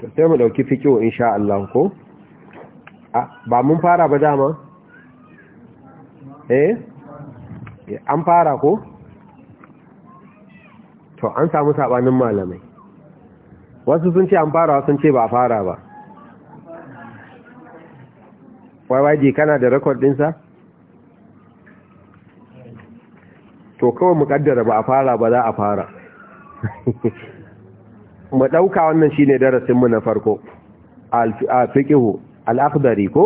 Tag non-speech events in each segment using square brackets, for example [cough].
to sai mu dauki fikihu insha Allah ko ba mun fara ba dama eh? eh an fara ko to an samu sabanin malamai wasu sun ce an fara sun ce ba a fara ba yyg kana da rekod dinsa to kawai kaddara ba a fara ba za a fara [laughs] mu ɗauka wannan shine darasinmu na farko al-fiqhu al-akhdari ko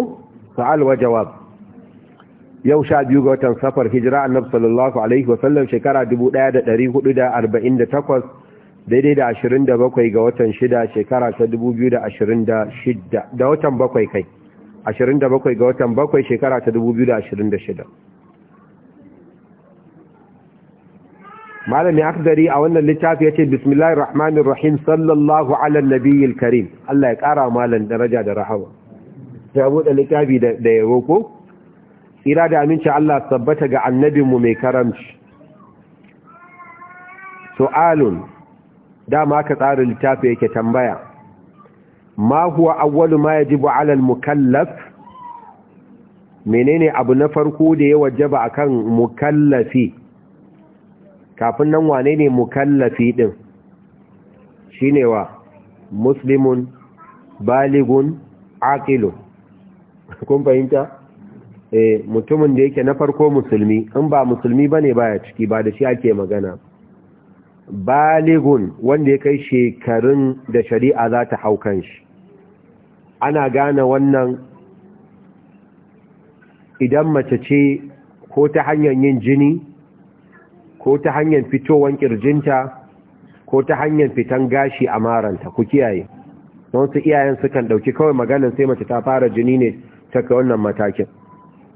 sa'al wa jawab yau sha biyu ga watan safar hijira annab sallallahu alaihi wasallam shekara 1448 daidai da 27 ga watan shida shekara ta 2026 da watan bakwai kai 27 ga watan bakwai shekara ta 2026 malami akdari a wannan littafi yace bismillahir rahmanir rahim sallallahu ala nabiyil karim Allah ya kara malan daraja da rahama ya bude littafi da yabo ko tsira da aminci Allah tabbata ga annabinmu mai karamci su'alun dama ka tsara littafi yake tambaya ma huwa awwalu ma yajibu 'ala al-mukallaf menene abu na farko da ya wajaba akan mukallafi kafin nan wane ne mukallafi din ne wa muslimun baligun aqilu. [laughs] kun fahimta e, mutumin da yake na farko musulmi in ba musulmi ba ne baya ciki ba da shi ake magana baligun wanda ya kai shekarun da shari'a za ta haukan shi ana gane wannan idan mace ce ko ta hanyar yin jini ko ta hanyar fitowan kirjinta ko ta hanyar fitan gashi a maranta ku kiyaye don su iyayen sukan dauki kawai maganin sai mace ta fara jini ne ta kai wannan matakin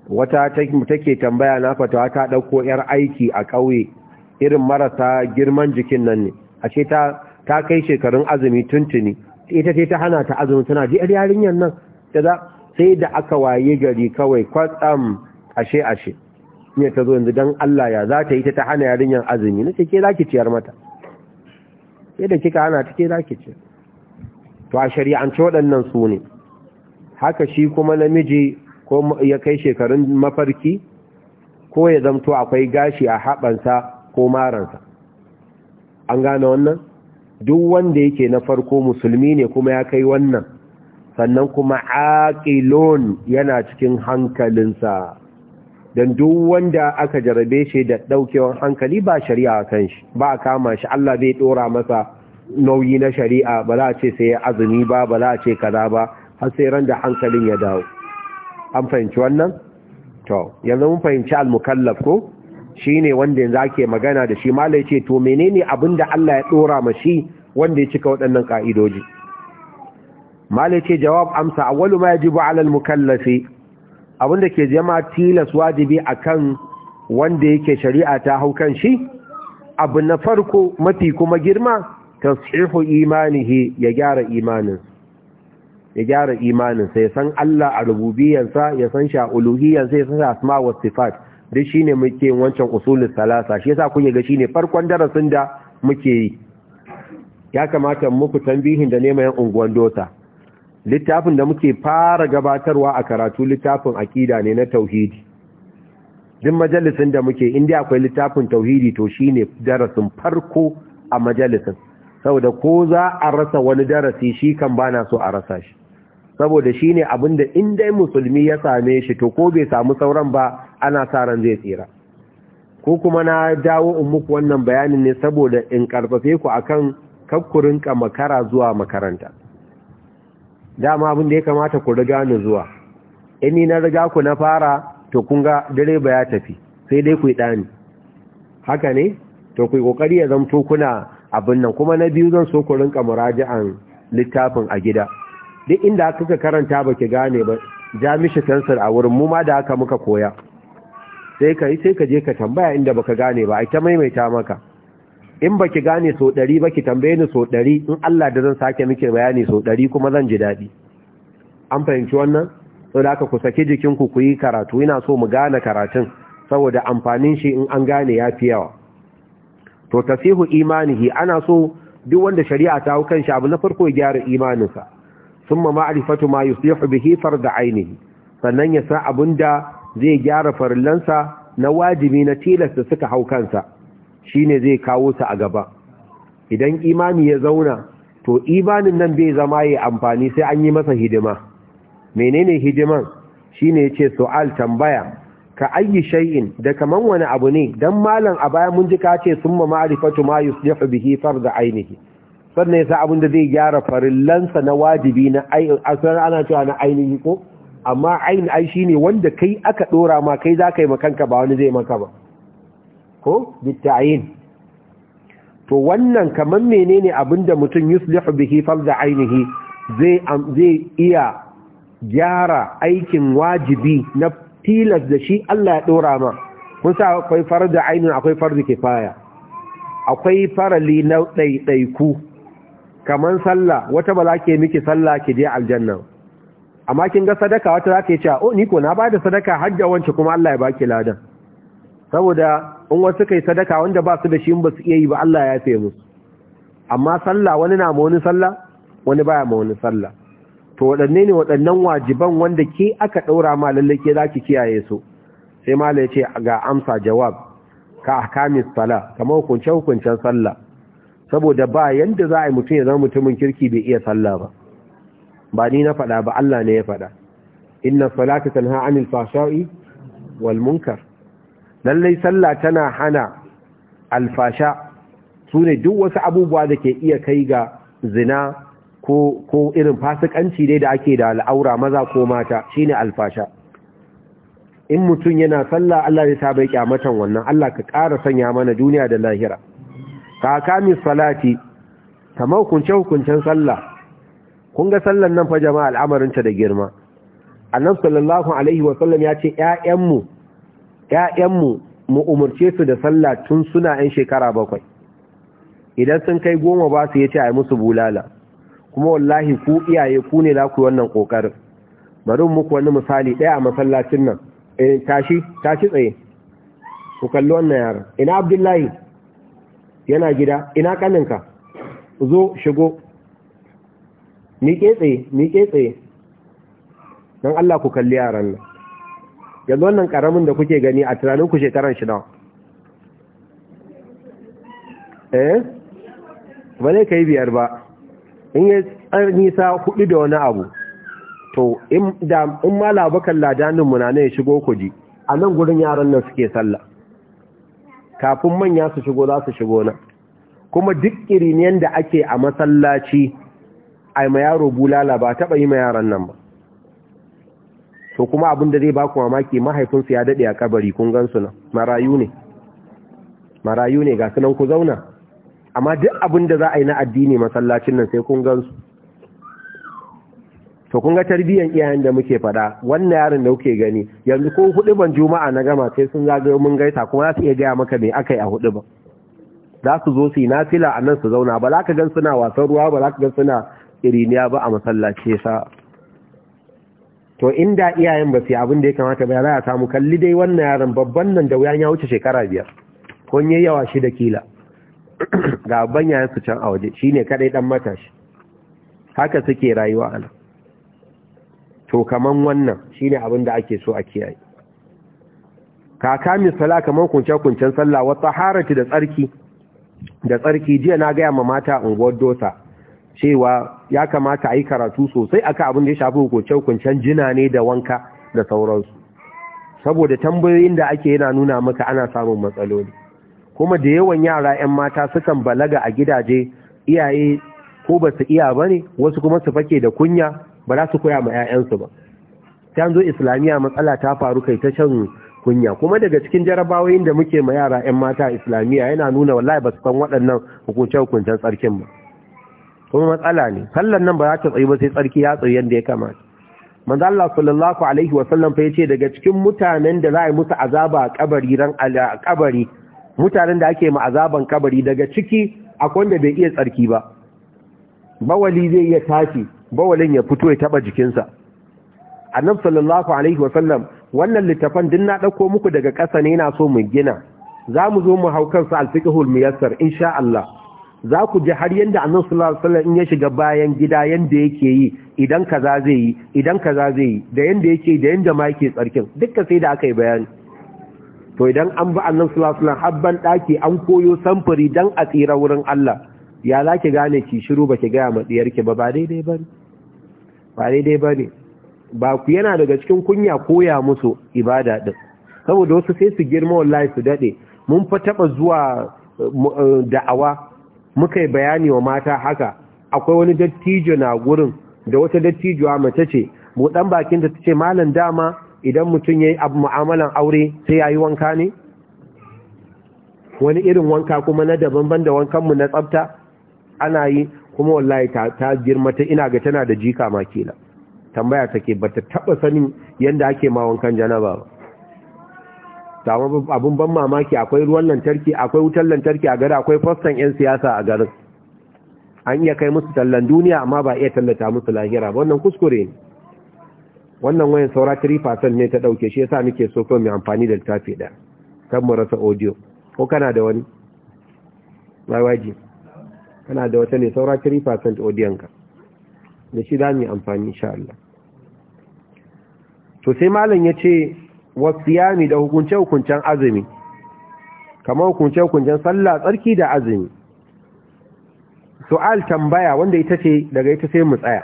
wata take tambaya na fatawa ta dauko yar aiki a kauye irin marasa girman jikin nan ne ashe ta ta kai shekarun azumi tuntuni ita ce ta hana ta azumi tana ji yarinyar nan sai da aka waye gari kawai kwatsam ashe ashe ne ta zo yanzu don Allah ya za ta yi ta ta hana yarinyar azumi na ce ke za ki ciyar mata ke da kika hana ta ke za ki ciyar to a shari'ance waɗannan su ne haka shi kuma namiji ko ya kai shekarun mafarki ko ya zamto akwai gashi a haɓansa ko maransa an gane wannan duk wanda yake na farko musulmi ne kuma ya kai wannan sannan kuma aƙilon yana cikin hankalinsa don duk wanda aka jarabe shi da ɗaukewar hankali ba shari'a kan shi ba kama shi Allah zai dora masa nauyi na shari'a ba za a ce sai azumi ba ba za a ce kaza ba har sai ran da hankalin ya dawo an fahimci wannan to yanzu mun fahimci al-mukallaf ko shine wanda yanzu ake magana da shi malai ce to menene abin da Allah ya dora ma shi wanda ya cika waɗannan ka'idoji malai ce jawab amsa awwalu ma yajibu 'ala al-mukallafi da ke zama tilas wajibi akan wanda yake shari'a ta hau kan shi abu na farko mafi kuma girma tasihu imanihi ya gyara imanin ya gyara imanin sai san Allah a rububiyansa ya san sha uluhiyansa ya san asma wa sifat duk ne muke wancan usulun salasa shi yasa kun ga ne farkon darasin da muke yi ya kamata muku tambihin da neman unguwan dota littafin da muke fara gabatarwa a karatu littafin akida ne na tauhidi duk majalisin da muke inda akwai littafin tauhidi to shine darasin farko a majalisin saboda ko za a rasa wani darasi shi kan bana so a rasa shi saboda shine abin da in dai musulmi ya same shi to ko bai samu sauran ba ana sa ran zai tsira ko kuma na dawo in muku wannan bayanin ne saboda in karfafe ku akan kakkurin makara zuwa makaranta dama abin da ya kamata ku riga ni zuwa in ni na riga ku na fara to kun ga direba ya tafi sai dai ku yi ɗani haka ne to ku yi ƙoƙari ya zamto kuna abin nan kuma na biyu zan so ku rinka muraji'an littafin a gida duk inda kuka karanta ba ki gane ba ja mishi kansar a wurin mu ma da haka muka koya sai ka yi sai ka je ka tambaya inda baka gane ba ai ta maimaita maka in baki gane so ɗari ba ki tambaye ni so ɗari in Allah da zan sake miki bayani so ɗari kuma zan ji daɗi an fahimci wannan So, da aka ku saki jikinku ku yi karatu ina so mu gane karatun saboda amfanin shi in an gane ya fi yawa to tasihu hi, ana so duk wanda shari'a ta hukan shi abu na farko ya gyara imaninsa sun ma ma'arifatu ma yusufu bihi farda ainihi sannan ya san abin da zai gyara farillansa na wajibi na tilasta suka hau kansa Shi ne zai kawo su a gaba idan imani ya zauna to imanin nan bai zama yi amfani sai an yi masa hidima menene hidiman Shi shine ce, su'al tambaya ka ayi shay'in da kamar wani abu ne dan malam a baya mun ji ka ce summa ma'rifatu ma yuslihu bihi fard ainihi sannan yasa abin da zai gyara farillansa na wajibi na ana cewa na ainihi ko amma aini ai shine wanda kai aka ɗora ma kai za ka yi makanka ba wani zai maka ba ko bitta'in to wannan kaman menene abinda mutum yuslihu bihi farda ainihi zai zai iya gyara aikin wajibi na tilas da shi Allah ya dora ma kun sa akwai farda ainihi akwai farda kifaya akwai farali na ɗaiɗaiku kaman sallah wata ba ke miki sallah ki je aljanna amma kin ga sadaka wata za yi cewa o oh, ni ko na bada sadaka hajja wance kuma Allah ya baki ladan saboda in wasu kai sadaka wanda ba su da shi ba su iya yi ba Allah ya fi musu amma sallah wani na ma wani sallah wani baya ma wani sallah to waɗanne ne waɗannan wajiban wanda ke aka ɗaura ma lallake ke za ki kiyaye su sai mala ya ce ga amsa jawab ka kamis sala kamar hukunce hukuncen sallah saboda ba yanda za a yi mutum ya zama mutumin kirki bai iya sallah ba ba ni na faɗa ba Allah ne ya faɗa inna salata tanha anil fahsha'i wal munkar lallai sallah tana hana alfasha su ne duk wasu abubuwa da ke iya kai ga zina ko, irin fasikanci dai da ake da al'aura maza ko mata shine alfasha in mutum yana sallah Allah ya sabai kyamatan wannan Allah ka ƙara sanya mana duniya da lahira ka kamis salati kamar hukunce hukuncen sallah kun ga sallan nan fa jama'a al'amarinta da girma annabi sallallahu alaihi wa sallam ya ce ƴaƴanmu ‘ya'yanmu mu umarce su da sallah tun suna ‘yan shekara bakwai idan sun kai goma ba su ce a yi musu bulala kuma wallahi ku iyaye ku ne za ku wannan ƙoƙarin bari muku wani misali ɗaya a masallacin nan eh, tashi tashi tsaye ku kalli wannan yaran ina abdullahi yana gida ina kaninka zo shigo miƙe tsaye miƙe tsaye don Allah ku kalli yaran nan yanzu wannan karamin da kuke gani a tunanin ku shekaran shi nawa eh ba kai biyar ba in yi tsar nisa hudu da wani abu to in ma labakan ladanin muna ne shigo kudi a nan gudun yaran nan suke sallah kafin manya su shigo za su shigo na kuma duk irin da ake a masallaci a ma yaro bulala ba taba yi ma yaran nan ba to kuma abin da zai baku mamaki mahaifinsu ya dade a kabari kun gansu nan marayu ne marayu ne ga sunan ku zauna amma duk abin da za a yi na addini masallacin nan sai kun gansu to kun ga tarbiyyar iyayen da muke fada wannan yaron da kuke gani yanzu ko hudu ban juma'a na gama sai sun zagayo mun gaisa kuma za su iya gaya maka me aka yi a hudu ba za su zo su yi nafila a nan su zauna ba za ka gan suna wasan ruwa ba za ka gan suna iriniya ba a masallaci sa to inda iyayen ba su abin da ya kamata ba ya samu kalli dai wannan yaron babban nan da wuyan ya wuce shekara biyar ko yayi yawa shi da kila [clears throat] ga babban yayan su can a waje shi ne kadai dan matashi haka suke rayuwa ana to kaman wannan shi ne abin da ake so a kiyaye kaka misala kaman kunce kuncen sallah wa taharati da tsarki da tsarki jiya na gaya ma mata unguwar dosa cewa ya kamata a yi karatu sosai aka abin da ya shafi hukuncen hukuncen jina ne da wanka da sauransu saboda tambayoyin da ake yana nuna maka ana samun matsaloli kuma da yawan yara 'yan mata sukan balaga a gidaje iyaye ko ba su iya ba ne wasu kuma su fake da kunya ba za su koya ma 'ya'yansu ba ta zo islamiyya matsala ta faru kai ta shan kunya kuma daga cikin jarabawoyin da muke ma yara 'yan mata islamiyya yana nuna wallahi ba su san waɗannan hukuncen hukuncen tsarkin ba kuma matsala ne sallan nan ba za ta tsayi ba sai tsarki ya tsayi yadda ya kamata manzo Allah sallallahu alaihi wa sallam fa yace daga cikin mutanen da za a yi musu azaba a kabari ran a kabari mutanen da ake mu azaban kabari daga ciki akwai wanda bai iya tsarki ba bawali zai iya tashi bawalin ya fito ya taba jikinsa annab sallallahu alaihi wa sallam wannan littafan din na dauko muku daga kasa ne ina so mu gina za mu zo mu hau kansa al-fiqhul muyassar insha Allah za ku ji har yadda annabi sallallahu in ya shiga bayan gida yadda yake yi idan kaza zai yi idan kaza zai yi da yadda yake da yadda ma yake tsarkin dukkan sai da aka yi bayani to idan an bi annabi sallallahu alaihi habban daki an koyo samfuri dan a tsira wurin Allah ya za ki gane ki shiru ba ki gaya ma ki ba ba daidai ba daidai ba ku yana daga cikin kunya koya musu ibada ɗin, saboda wasu sai su girma wallahi su daɗe, mun fa taba zuwa eh, da'awa muka yi bayani wa mata haka akwai wani dattijo na gurin da wata dattijuwa mace ce dan bakinta ta ce malam dama idan mutum yayi yi abu mu'amalan aure sai yayi wanka ne wani irin wanka kuma na daban ban da wankanmu na tsafta ana yi kuma wallahi ta girma ta ina ga tana da jika makila tambaya take bata taba sanin yanda ake ma wankan janaba ba tawo abun ban mamaki akwai ruwan lantarki akwai wutar lantarki a gari akwai fostan 'yan siyasa a garin an iya kai musu tallan duniya amma ba iya tallata musu lahira ba wannan kuskure ne wannan wayan saura 3% ne ta dauke shi yasa nake so ko mai amfani da littafi da kan mu rasa audio ko kana da wani waji kana da wata ne saura 3% audion ka da shi za mu yi amfani insha Allah to sai malam ya ce wasiyami da hukunce-hukuncen azumi kamar hukunce-hukuncen sallah tsarki da azumi su'al tambaya wanda ita ce daga ita sai mu tsaya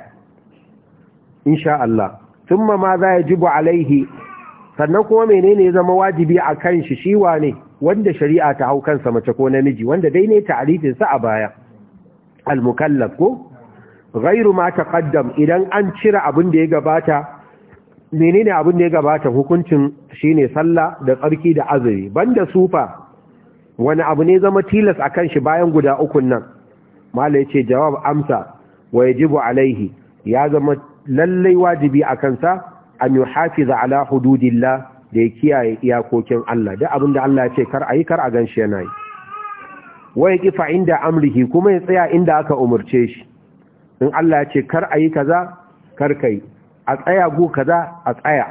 insha Allah ma za ya jibu alaihi sannan kuma menene ya zama wajibi a kan shi shi wane wanda shari'a ta hau kansa mace ko namiji wanda dai ne ta'arifin sa a baya al-mukallaf ko ghairu ma taqaddam idan an cire abin da ya gabata menene abin da ya gabata hukuncin shine sallah da tsarki da azumi banda sufa wani abu ne zama tilas akan shi bayan guda ukun nan mallai ce jawab amsa wa yajibu alaihi ya zama lallai wajibi akan sa an yuhafiza ala hududillah da ya kiyaye iyakokin Allah da abin da Allah ya ce kar ayi kar a ganshi yana yi wa yaqifa inda amrihi kuma ya tsaya inda aka umurce shi in Allah ya ce kar ayi kaza kar kai a tsaya go kaza a tsaya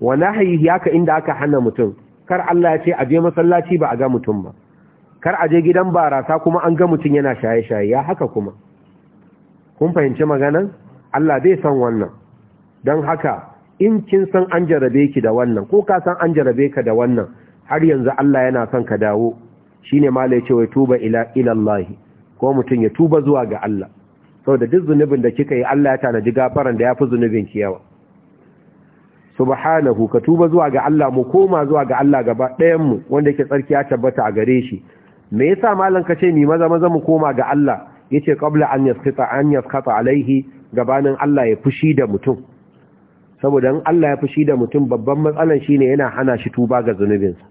wala nahyihi haka inda aka hana mutum kar Allah ya ce a je masallaci ba a ga mutum ba kar a je gidan barasa kuma an ga mutum yana shaye-shaye ya haka kuma kun fahimci magana? Allah zai san wannan dan haka in kin san an jarabe ki da wannan ko ka san an jarabe ka da wannan har yanzu Allah yana son ka dawo shine malai ce wai tuba ila ilallahi ko mutum ya tuba zuwa ga Allah saboda duk zunubin da kika yi Allah ya tanaji gafaran da ya fi zunubin ki yawa subhanahu ka tuba zuwa ga Allah mu koma zuwa ga Allah gaba ɗayan mu wanda yake tsarki ya tabbata a gare shi me yasa malam ka ce mi maza maza mu koma ga Allah yace qabla an yaskata an yaskata alaihi gabanin Allah ya fushi da mutum saboda in Allah ya fushi da mutum babban matsalan shine yana hana shi tuba ga zunubinsa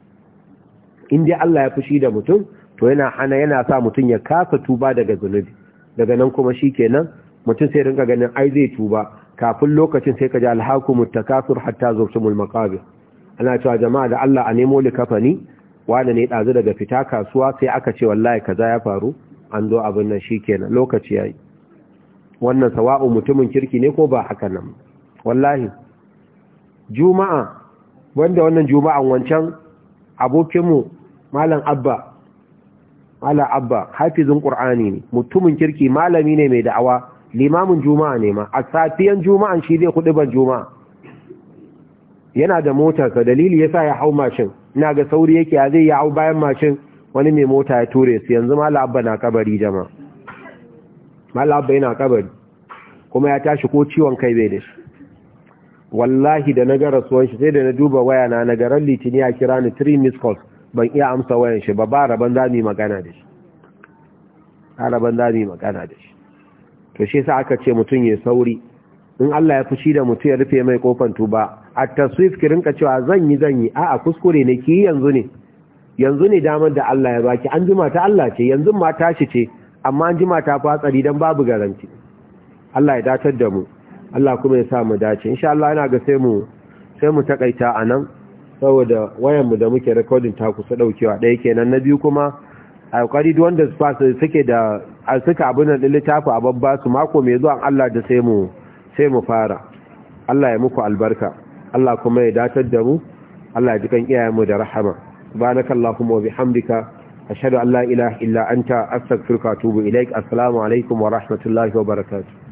in dai Allah ya fushi da mutum to yana hana yana sa mutum ya kasa tuba daga zunubi daga nan kuma shi kenan mutum sai rinka ganin ai zai tuba kafin lokacin sai ka ji ta mutakasur hatta zurtumul maqabir ana cewa jama'a da Allah a nemo kafani wanda ne dazu daga fita kasuwa sai aka ce wallahi kaza ya faru an zo abin nan shikenan lokaci yayi wannan sawa'u mutumin kirki ne ko ba haka nan wallahi juma'a wanda wannan juma'an wancan abokinmu malam abba ala abba hafizin qur'ani ne mutumin kirki malami ne mai da'awa limamin juma'a ne ma a safiyan juma'an shi zai kuɗi ban juma'a yana da motarsa dalili yasa ya hau mashin ina ga sauri yake ya zai ya hau bayan mashin wani mai mota ya ture su yanzu mala abba na kabari jama mala abba yana kabari kuma ya tashi ko ciwon kai bai da shi wallahi da na ga rasuwan shi sai da na duba waya na nagaran litini ya kira ni 3 miss calls ban iya amsa wayan shi ba ba rabon za mu magana da shi ba rabon za mu magana da shi to shi sa aka ce mutum ya sauri in Allah ya fushi da mutum ya rufe mai kofan tuba a taswif ki rinka cewa zan yi zan yi a'a kuskure ne ki yanzu ne yanzu ne damar da Allah ya baki an jima ta Allah ce yanzu ma tashi ce amma an jima ta fatsari dan babu garanti Allah ya datar da mu Allah kuma ya sa mu dace insha Allah yana ga sai mu sai mu takaita anan saboda wayanmu da muke rikodin ta kusa daukewa ɗaya kenan na biyu kuma a kwari wanda suke da suka abin da littafi a babba su mako mai zuwa Allah da sai mu sai mu fara Allah ya muku albarka Allah kuma ya datar da mu Allah ya jikan kan mu da rahama allahumma wa bihamdika ashhadu an la ilaha illa anta astaghfiruka wa atubu ilaik assalamu alaikum wa rahmatullahi wa barakatuh